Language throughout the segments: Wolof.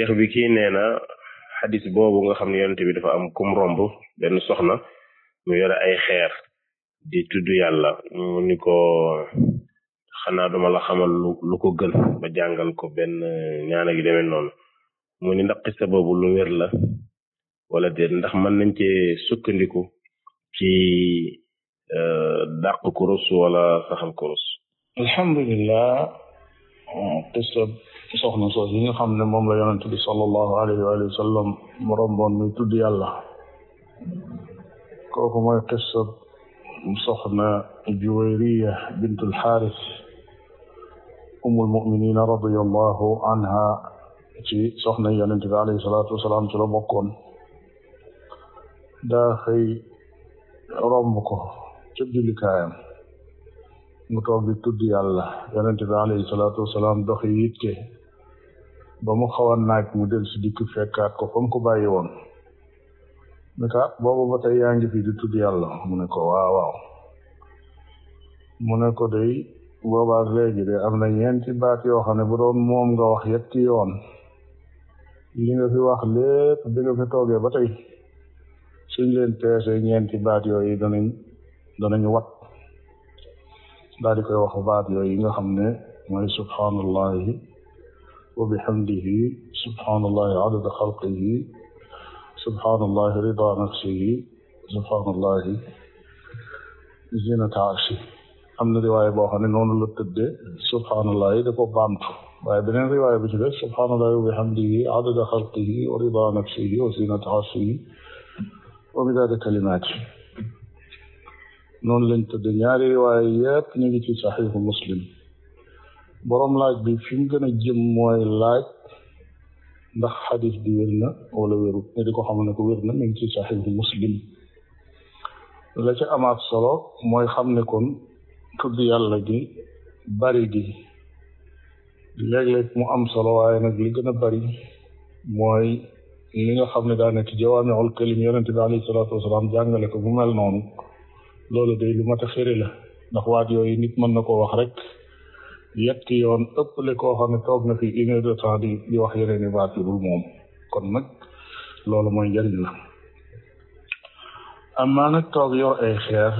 cheikh bi kii nee na xadis boobu nga xam ne yonent bi dafa am kum romb benn soxna mu yore ay xeer di tudd yàlla mu ni ko xanaa duma la xamal lu lu ko gën ba jàngal ko benn ñaana gi demee noonu mu ni ndax xista boobu lu wér la wala déet ndax man nañ cee sukkandiku ci euh, dàq kurus wala saxal kurus alhamdulilah qissa euh, ci soxna soos yi nga xam ne moom la yonent bi sallallahu alayhi wa sallam mu romboon muy tudd yàlla kooku mooy qissa soxna juwayriya bintul xaaris umul muminina radiallahu anha ci soxna yonent bi alayhi salaatu wasalaam ci la bokkoon daa xëy romb ko ca jullikaayam mu toog di tudd yàlla yonent bi alayhi salaatu wasalaam doxi yitte ba mu xawoon naaj mu del si dikk fekkaat ko fa mu bàyyi woon ne ko ah, ba tey yaa ngi fi di yàlla mu ne ko waaw waaw mu ne ko day boobaak léegi de am na ñeenti baat yoo xam ne bu doon moom nga wax yetti yoon li nga fi wax lépp bi nga fi toogee ba tey suñ leen peesee ñeenti baat yooyu danañ danañ wat daal di koy wax baat yooyu nga xam ne mooy subhanallahi وبحمده سبحان الله عدد خلقه سبحان الله رضا نفسه سبحان الله zinata arshi am na riwaay boo xam ne noonu la tëddee subhaanallah yi da ko baamtu waaye beneen riwaay bi ci des subhaanallah wa bihamdihi adada xalqihi wa rida nafsihi wa zinata arshihi wa midaada kalimaati noonu lañ tëddee ñaari riwaay yëpp ñu ngi ci saxiixu muslim boroom laaj bi fim gën a jëm mooy laaj ndax xadis bi wér na wala wérut ne di ko xam ne ko wér na mi ngi ci saxiixu muslim la ca amaat solo mooy xam ne kon tudd yàlla gi bari gi léeg mu am solo waaye nag li gën a bari mooy li xam ne daa nekk jawaamiul kalim yonent bi alayhi salaatu wasalaam jàngale ko bu mel noonu loolu day lu mat la ndax yooyu nit mën na koo wax rek yetti yoon ëppale koo xam ne toog na fi une heure de temps di di wax yeneen i baat yu dul moom kon nag loolu mooy njëriñ la am naa nag toog yor ay xeer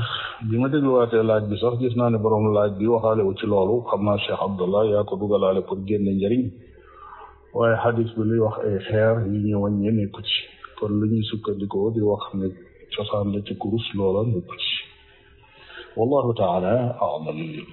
bi ma dégluwaatee laaj bi sax gis naa ne borom laaj bi waxaale wu ci loolu xam naa Cheikh Abdallah yaa ko dugalaale pour génne njëriñ waaye xadis bi luy wax ay xeer yi ñu wàññee nekku ci kon lu ñuy sukkandikoo di wax ne cosaan la ci kurus loola nekku ci wallahu taala aalam